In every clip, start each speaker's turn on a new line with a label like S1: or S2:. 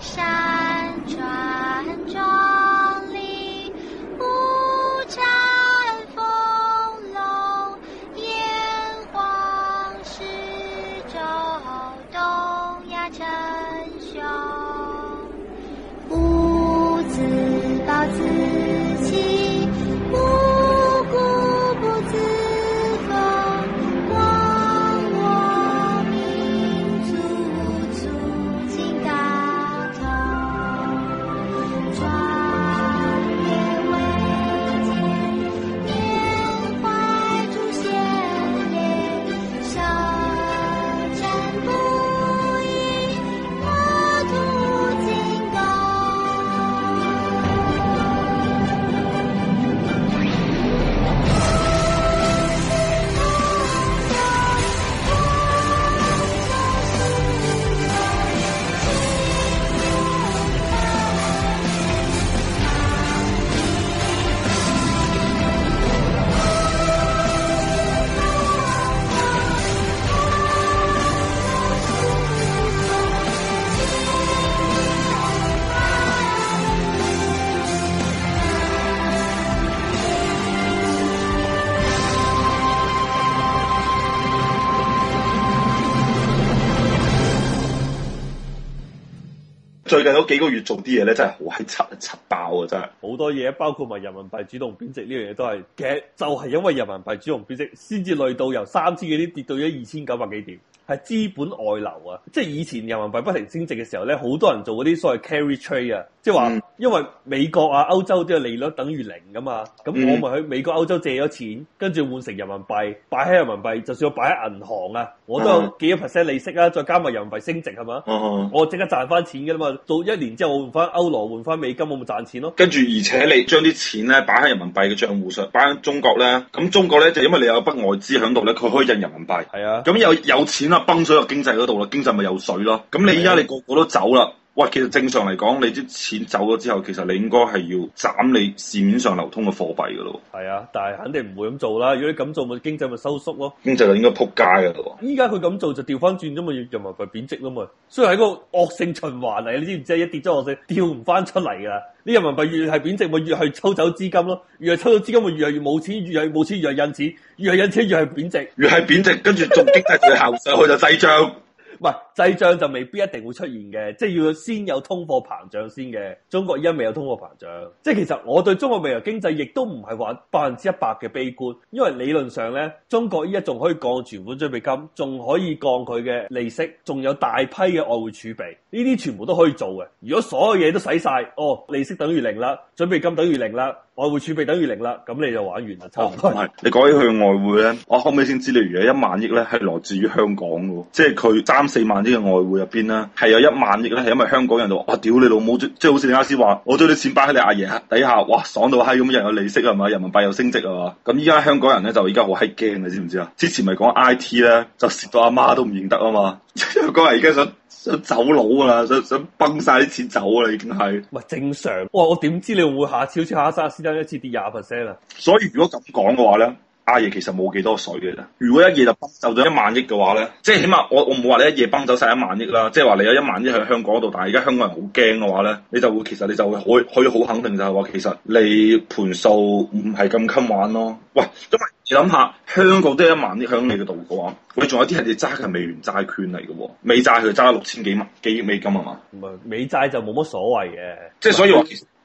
S1: 山莊。最近嗰幾個月做啲嘢咧，真係好閪七七爆啊！真係
S2: 好多嘢，包括埋人民幣主動貶值呢樣嘢，都係其實就係、是、因為人民幣主動貶值，先至累到由三千幾點跌到咗二千九百幾點。係資本外流啊！即係以前人民幣不停升值嘅時候咧，好多人做嗰啲所謂 carry trade 啊，即係話、嗯、因為美國啊、歐洲啲利率等於零噶嘛，咁我咪去美國、歐洲借咗錢，跟住換成人民幣擺喺人民幣，就算我擺喺銀行啊，我都有幾多 percent 利息啊，再加埋人民幣升值係嘛，嗯嗯、我即刻賺翻錢嘅啦嘛！到一年之後，我換翻歐羅，換翻美金，我咪賺錢咯。跟住而且你將
S1: 啲錢咧擺喺人民幣嘅帳戶上，擺喺中國咧，咁中國咧就因為你有筆外資喺度咧，佢可以印人民幣，係是啊有，咁有有錢啊！崩水個經濟嗰度啦，經濟咪有水咯，咁你依家你個個都走啦。喂，其實正常嚟講，你啲錢走咗之後，其實你應該係要斬你市面上流通嘅貨幣噶咯。
S2: 係啊，但係肯定唔會咁做啦。如果你咁做，咪經濟咪收縮咯。經濟就應該
S1: 撲街噶咯。
S2: 依家佢咁做就調翻轉啫嘛，人民幣貶值吖嘛。所以係一個惡性循環嚟，你知唔知？一跌咗惡性，調唔翻出嚟㗎！你人民幣越係貶值，咪越係抽走資金咯。越係抽走資金，咪越係越冇錢，越係冇錢越係印錢，越係印錢越係貶值，越係貶值
S1: 跟住仲激得佢行上去就滯脹。
S2: 唔係滯脹就未必一定會出現嘅，即係要先有通貨膨脹先嘅。中國依家未有通貨膨脹，即係其實我對中國未來經濟亦都唔係話百分之一百嘅悲觀，因為理論上呢，中國依家仲可以降存款準備金，仲可以降佢嘅利息，仲有大批嘅外匯儲備，呢啲全部都可以做嘅。如果所有嘢都使曬，哦，利息等於零啦，準備金等於零啦。外匯儲備等於零啦，咁你就玩完啦。差唔
S1: 多。唔係、哦、你講起佢外匯咧，我後屘先知你原來一萬億咧係來自於香港嘅喎，即係佢三四萬億嘅外匯入邊咧係有一萬億咧，係因為香港人就話哇，屌你老母，即係好似你啱先話，我將啲錢擺喺你阿爺底下，哇爽到閪咁，又有利息係嘛，人民幣又升值啊嘛，咁依家香港人咧就而家好閪驚你知唔知啊？之前咪講 I T 咧就蝕到阿媽都唔認得啊嘛，因為講係而家想。想走佬啦，想想崩晒啲錢走啦，已經係。喂，正常。
S2: 哇，我點知你會下次好似下沙先生一次跌廿 percent 啊？
S1: 所以如果咁講嘅話咧，阿爺其實冇幾多水嘅啫。如果一夜就崩走咗一萬億嘅話咧，即係起碼我我冇話你一夜崩走晒一萬億啦。即係話你有一萬億喺香港度，但係而家香港人好驚嘅話咧，你就會其實你就會可可以好肯定就係話其實你盤數唔係咁襟玩咯。喂，因為。你諗下，香港得一萬億，喺你嘅度嘅話，你仲有啲人哋揸嘅美元債券嚟嘅喎，美債佢揸六千幾萬幾億美金係嘛？
S2: 唔係美債就冇乜所謂嘅，
S1: 即係所以。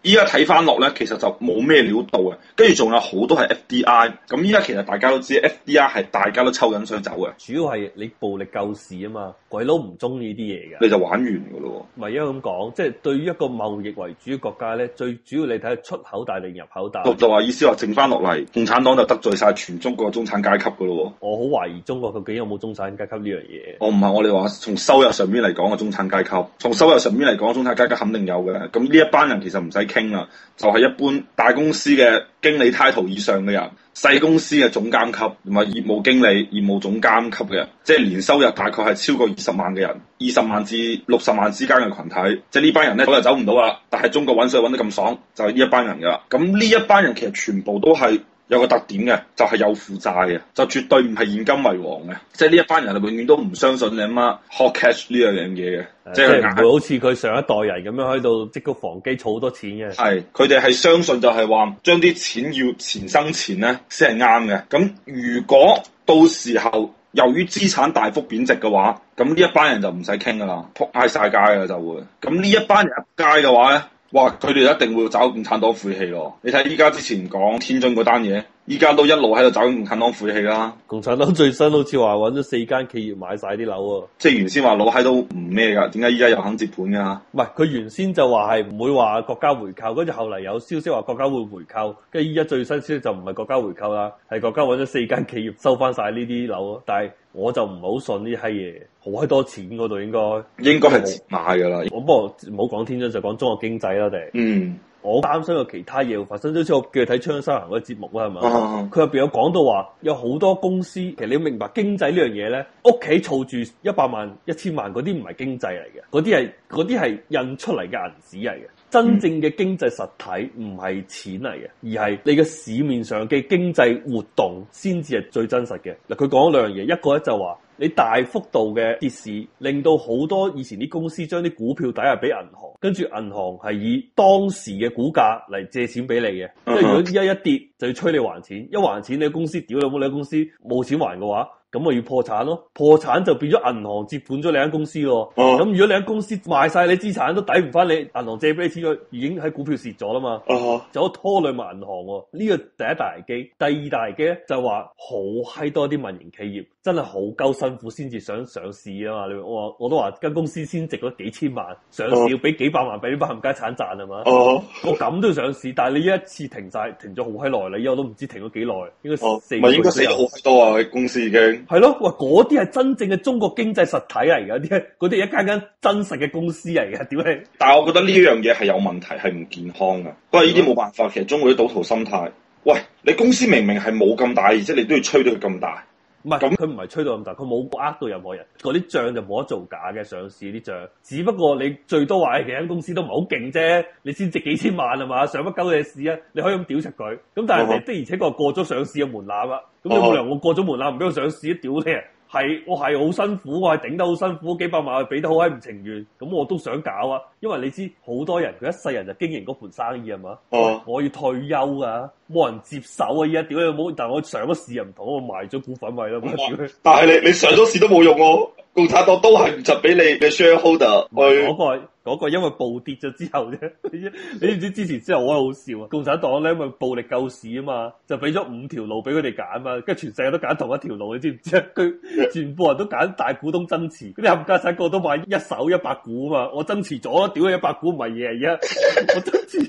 S1: 依家睇翻落咧，其實就冇咩料到嘅，跟住仲有好多係 FDI。咁依家其實大家都知，FDI 係大家都抽緊想走嘅。
S2: 主要係你暴力救市啊嘛，鬼佬唔中意啲嘢嘅。你就玩完㗎咯喎！咪因為咁講，即係對於一個貿易為主嘅國家咧，最主要你睇下出口大定入口大。就
S1: 話意思話，剩翻落嚟，共產黨就得罪晒全中國中產階級㗎咯喎！我好
S2: 懷疑中國究竟有冇中產階級呢樣嘢。我唔係我哋
S1: 話從收入上面嚟講嘅中產階級，從收入上面嚟講，中產階級肯定有嘅啦。咁呢一班人其實唔使。傾啦，就係一般大公司嘅經理、title 以上嘅人，細公司嘅總監級同埋業務經理、業務總監級嘅人，即係年收入大概係超過二十萬嘅人，二十萬至六十萬之間嘅群體，即係呢班人咧，佢就走唔到啦。但係中國揾水揾得咁爽，就係呢一班人噶啦。咁呢一班人其實全部都係。有個特點嘅，就係、是、有負債嘅，就絕對唔係現金為王嘅，即係呢一班人係永遠都唔相信你阿媽 h o cash 呢樣嘢嘅，這個、即係唔好
S2: 似佢上一代人咁樣喺度積穀防飢儲好多錢嘅。
S1: 係，佢哋係相信就係話將啲錢要錢生錢咧先係啱嘅。咁如果到時候由於資產大幅貶值嘅話，咁呢一班人就唔使傾噶啦，撲嗌晒街啦就會。咁呢一班人入街嘅話咧。哇！佢哋一定會找共產黨晦氣咯！你睇依家之前講天津嗰單嘢，依家都一路喺度找共產黨晦氣啦。共產黨最新好似話揾咗四間企業買晒啲樓喎。即係原先話老閪都唔咩㗎，點解依家又肯接盤㗎？唔
S2: 係佢原先就話係唔會話國家回購，跟住後嚟有消息話國家會回購，跟住依家最新消息就唔係國家回購啦，係國家揾咗四間企業收翻晒呢啲樓，但係。我就唔好信呢閪嘢，好閪多錢嗰度應該應該係賣噶啦。我不過唔好講天津，就講、是、中國經濟啦。嗯、我擔心有其他嘢會發生。好似我叫你睇張三行嗰個節目啦，係嘛？佢入邊有講到話，有好多公司。其實你要明白經濟呢樣嘢咧，屋企儲住一百萬、一千萬嗰啲唔係經濟嚟嘅，嗰啲係嗰啲係印出嚟嘅銀紙嚟嘅。嗯、真正嘅經濟實體唔係錢嚟嘅，而係你嘅市面上嘅經濟活動先至係最真實嘅。嗱，佢講咗兩樣嘢，一個咧就話你大幅度嘅跌市，令到好多以前啲公司將啲股票抵押俾銀行，跟住銀行係以當時嘅股價嚟借錢俾你嘅。即係如果一一跌就要催你還錢，一還錢你公司屌你冇，你公司冇錢還嘅話。咁咪要破產咯，破產就變咗銀行接盤咗你間公司喎。咁、啊、如果你間公司賣晒你資產都抵唔翻你銀行借俾你錢，佢已經喺股票蝕咗啦嘛。啊、就拖累埋銀行喎。呢、呢個第一大危機。第二大危機咧就係話好閪多啲民營企業真係好鳩辛苦先至想上市啊嘛。你我我都話間公司先值咗幾千萬，上市要俾幾百萬俾啲冚家產賺係嘛？啊、我咁都上市，但係你一次停晒，停咗好閪耐啦。依我都唔知停咗幾耐，應該四唔係、啊、死咗好
S1: 多啊！公司已經。
S2: 係咯，喂，嗰啲係真正嘅中國經濟實體嚟嘅，啲嗰啲一間間真實嘅公司嚟嘅，點解？
S1: 但係我覺得呢樣嘢係有問題，係唔健康噶。不過呢啲冇辦法，其實中國啲賭徒心態，喂，你公司明明係冇咁大，而且你都要吹到佢咁大。唔係，
S2: 佢唔係吹到咁大，佢冇呃到任何人。嗰啲帳就冇得造假嘅，上市啲帳。只不過你最多話，誒，幾間公司都唔係好勁啫，你先值幾千萬啊嘛，上乜鳩嘢市啊？你可以咁屌食佢。咁但係你的而且確過咗上市嘅門檻啦。咁冇理由我過咗門檻唔俾我上市，屌你啊！係我係好辛苦，我係頂得好辛苦，幾百萬俾得好喺唔情願，咁我都想搞啊！因為你知好多人佢一世人就經營嗰盤生意係嘛？哦，啊、我要退休噶、啊，冇人接手啊！依家屌你冇？但係我上咗市又唔同，我賣咗股份位啦、啊、
S1: 但係你你上咗市都冇用喎、啊。 共產黨都係唔就俾你嘅 shareholder 是去嗰、那個，
S2: 嗰、那個因為暴跌咗之後啫， 你知唔知之前之後我好笑啊！共產黨咧，因為暴力救市啊嘛，就俾咗五條路俾佢哋揀嘛，跟住全世界都揀同一條路，你知唔知啊？佢全部人都揀大股東增持，啲冚家鏟個都買一手一百股啊嘛，我增持咗，屌佢一百股唔係嘢而家。我增持，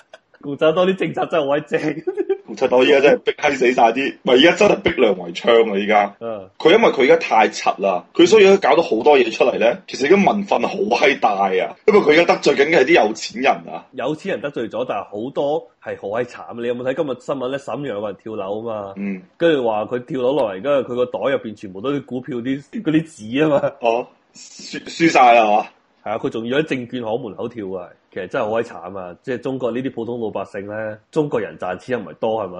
S2: 共產黨啲政策真係好
S1: 鬼正。我而家真係逼閪死晒啲，咪而家真係逼良為娼啊！而家，佢、uh, 因為佢而家太柒啦，佢所以搞到好多嘢出嚟咧。其實而家民憤好閪大啊，因為佢而家得罪緊嘅係啲有錢人啊，
S2: 有錢人得罪咗，但係好多係好閪慘。你有冇睇今日新聞咧？沈陽有人跳樓啊嘛，跟住話佢跳樓落嚟，跟住佢個袋入邊全部都啲股票啲啲紙啊嘛，哦、uh，輸輸曬啦嘛。係啊，佢仲要喺證券行門口跳啊！其實真係好鬼慘啊！即係中國呢啲普通老百姓咧，中國人賺錢又唔係多係咪，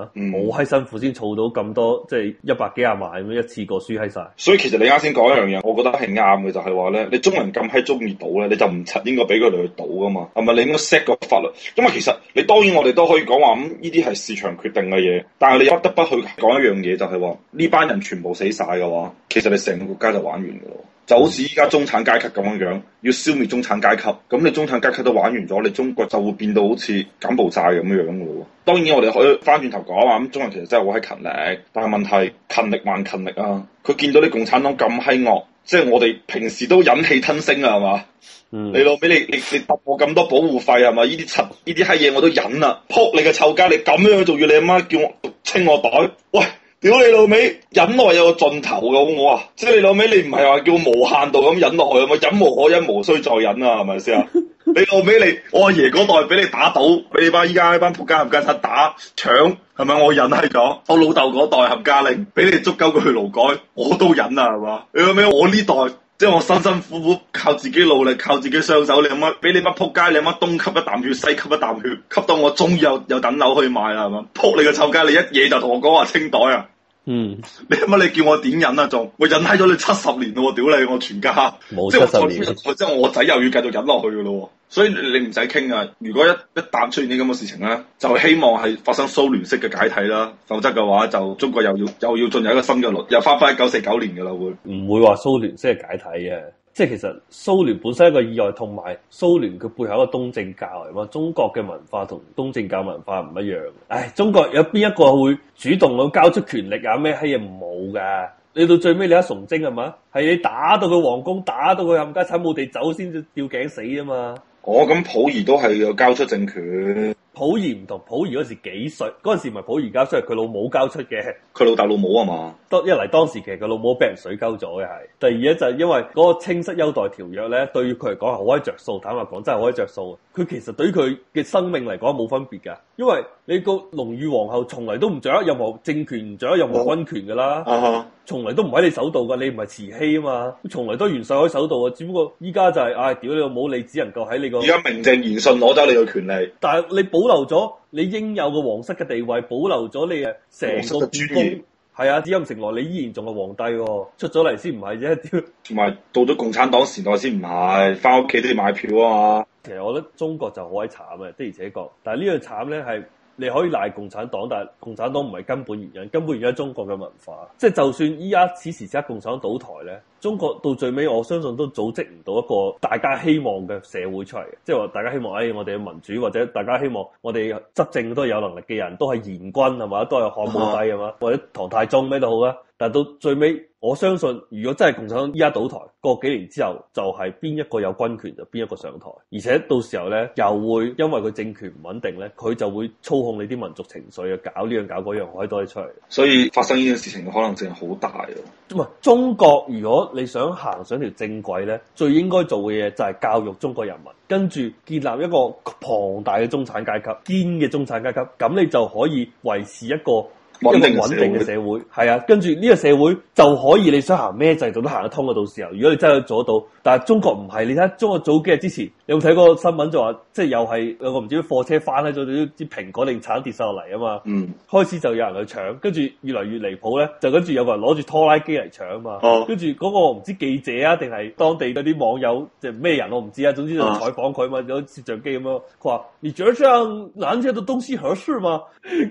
S2: 好閪、嗯、辛苦先儲到咁多，即係一百幾廿萬咁樣一次過輸
S1: 喺晒。所以其實你啱先講一樣嘢，我覺得係啱嘅，就係話咧，你中國人咁閪中意賭咧，你就唔應應該俾佢哋去賭噶嘛？係咪你應該 set 個法律？因為其實你當然我哋都可以講話咁，呢啲係市場決定嘅嘢，但係你不得不去講一樣嘢，就係話呢班人全部死晒嘅話，其實你成個國家就玩完噶咯。就好似依家中產階級咁樣樣，要消滅中產階級，咁你中產階級都玩完咗，你中國就會變到好似柬埔寨咁樣樣噶咯。當然我哋可以翻轉頭講話，咁中國人其實真係好閪勤力，但係問題勤力還勤力啊。佢見到啲共產黨咁閪惡，即係我哋平時都忍氣吞聲啊，係嘛、嗯？你老味你你你揼我咁多保護費係嘛？呢啲柒啲閪嘢我都忍啊，撲你個臭家，你咁樣仲要你阿媽叫我清我袋，喂！屌你老味，忍耐有個盡頭㗎，我話，即係你老味，你唔係話叫無限度咁忍落去啊嘛，忍無可忍，無需再忍啦，係咪先啊？是是 你老味，你，我阿爺嗰代俾你打倒，俾你班依家一班仆街冚家鏟打搶，係咪我忍係咗？我老豆嗰代冚家令俾你捉鳩佢去勞改，我都忍啦、啊，係嘛？你老味，我呢代？即係我辛辛苦苦靠自己努力靠自己雙手，你阿媽俾你班扑街，你阿媽東吸一啖血西吸一啖血，吸到我終於有，有等樓可以買啦，係嘛？扑你個臭街，你一嘢就同我講話清袋啊！嗯，你乜你叫我點忍啊？仲我忍閪咗你七十年咯，屌你我全家，即係我再，即係我仔又要繼續忍落去噶咯。所以你唔使傾啊！如果一一旦出現啲咁嘅事情咧，就希望係發生蘇聯式嘅解體啦，否則嘅話就中國又要又要進入一個新嘅輪，又翻翻一九四九年噶啦，會
S2: 唔會話蘇聯式嘅解體嘅。即係其實蘇聯本身一個意外，同埋蘇聯佢背後一個東正教嚟嘛。中國嘅文化同東正教文化唔一樣啊。唉,中國有邊一個會主動咁交出權力啊？咩閪嘢冇噶！你到最尾,你一崇禎係嘛？係你打到佢皇宮,打到佢冚家鏟冇地走先至吊頸死啊嘛！哦,咁溥儀都係有交出政權。溥儀唔同溥儀嗰時幾歲？嗰陣時唔係溥儀交出，係佢老母交出嘅。佢老豆老母啊嘛。當一嚟當時其實佢老母俾人水溝咗嘅係。第二咧就係因為嗰個清室優待條約咧，對佢嚟講係好閪着數。坦白講真係好閪着數。佢其實對佢嘅生命嚟講冇分別噶。因為你個隆裕皇后從嚟都唔掌握任何政權，唔掌握任何軍權噶啦。啊，從嚟都唔喺你手度噶，你唔係慈禧啊嘛。從嚟都袁世凱喺手度啊，只不過依家就係、是、唉、哎，屌你老母，你只能夠喺你個。而家名正言順攞走你嘅權利。但係你保保留咗你應有嘅皇室嘅地位，保留咗你嘅成個故宮，係、呃、啊，紫禁城來你依然仲係皇帝、哦，
S1: 出咗嚟先唔係啫。同埋到咗共產黨時代先唔係，翻屋企都要買票啊。
S2: 嘛。其實我覺得中國就好鬼慘嘅的而且確，但係呢樣慘咧係你可以賴共產黨，但係共產黨唔係根本原因，根本原因係中國嘅文化，即、就、係、是、就算依家此時即刻共產黨倒台咧。中國到最尾，我相信都組織唔到一個大家希望嘅社會出嚟，即係話大家希望誒、哎、我哋嘅民主，或者大家希望我哋執政都有能力嘅人都係賢君係嘛，都係漢武帝係嘛，或者唐太宗咩都好啦。但係到最尾，我相信如果真係共產黨依家倒台，過幾年之後就係、是、邊一個有軍權就邊一個上台，而且到時候呢，又會因為佢政權唔穩定呢，佢就會操控你啲民族情緒啊，搞呢樣搞嗰樣可以多啲出嚟。
S1: 所以發生呢樣事情
S2: 嘅可能性好大喎。中國如果。你想行上條正軌呢，最應該做嘅嘢就係教育中國人民，跟住建立一個龐大嘅中產階級，堅嘅中產階級，咁你就可以維持一個一個穩定嘅社會。係啊，跟住呢個社會就可以你想行咩制度都行得通嘅。到時候，如果你真係做得到，但係中國唔係，你睇中國早幾日之前。有冇睇過新聞就話，即係又係有個唔知貨車翻喺咗啲啲蘋果定橙跌晒落嚟啊嘛。嗯，開始就有人去搶，跟住越嚟越離譜咧，就跟住有個人攞住拖拉機嚟搶嘛。哦，跟住嗰個唔知記者啊定係當地嗰啲網友，即係咩人我唔知啊。總之就採訪佢嘛，有哦，攝像機咁樣。佢話你覺得這樣拿這樣的東西合適嗎？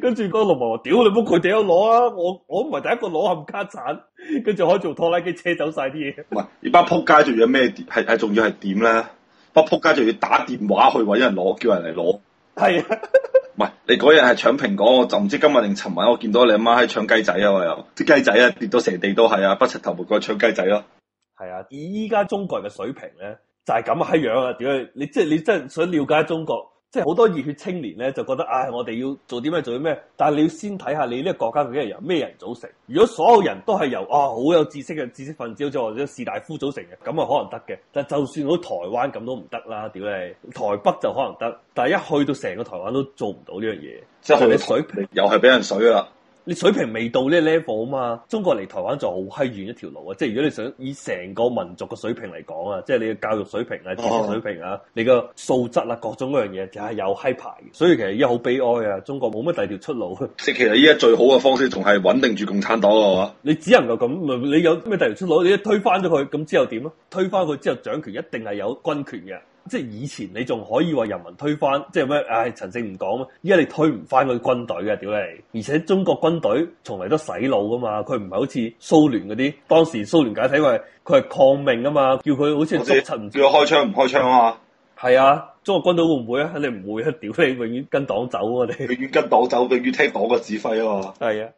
S2: 跟住嗰個農民話：，屌你，乜佢點樣攞啊？我我唔係第一個攞冚家鏟，跟住可以做拖拉機車走晒啲嘢。喂，
S1: 係，你班扑街仲有咩？係係仲要係點咧？ 北仆街仲要打電話去搵人攞，叫人嚟攞。係， 唔係你嗰日係搶蘋果，我就唔知今日定尋晚我見到你阿媽喺搶雞仔啊！我又，啲雞仔啊跌到成地都係啊，不尋頭目過去搶雞仔咯，
S2: 啊。係啊，以依家中國人嘅水平咧，就係咁閪樣啊！點解你即係你，你真係想了解中國？即係好多熱血青年咧，就覺得啊、哎，我哋要做啲咩，做啲咩？但係你要先睇下你呢個國家究竟係由咩人組成。如果所有人都係由啊好有知識嘅知識分子，或者或者士大夫組成嘅，咁啊可能得嘅。但係就算好台灣咁都唔得啦，屌你！台北就可能得，但係一去到成個台灣都做唔到呢樣嘢，即係你水
S1: 平又係俾人水啦。
S2: 你水平未到呢 level 啊嘛，中國嚟，台灣就好閪遠一條路啊！即係如果你想以成個民族嘅水平嚟講啊，即係你嘅教育水平啊、知識水平啊、你嘅素質啊、各種各樣嘢，就係有嗨排。所以其實而家好悲哀啊！中國冇乜第二條出路。即
S1: 係其實依家最好嘅方式，仲係穩定住共產黨咯。你只能夠咁，你有
S2: 咩第二條出路？你一推翻咗佢，咁之後點啊？推翻佢之後掌權一定係有軍權嘅。即係以前你仲可以話人民推翻，即係咩？唉、哎，陳勝唔講啊，依家你推唔翻佢軍隊嘅，屌你！而且中國軍隊從嚟都洗腦噶嘛，佢唔係好似蘇聯嗰啲，當時蘇聯解體，因為佢係抗命啊嘛，叫佢好似捉柒唔叫佢開槍唔開槍啊嘛。係啊，中國軍隊會唔會啊？肯定唔會啊！屌你，永遠跟黨走啊！你永遠跟黨走，永遠聽黨嘅指揮啊嘛。係啊。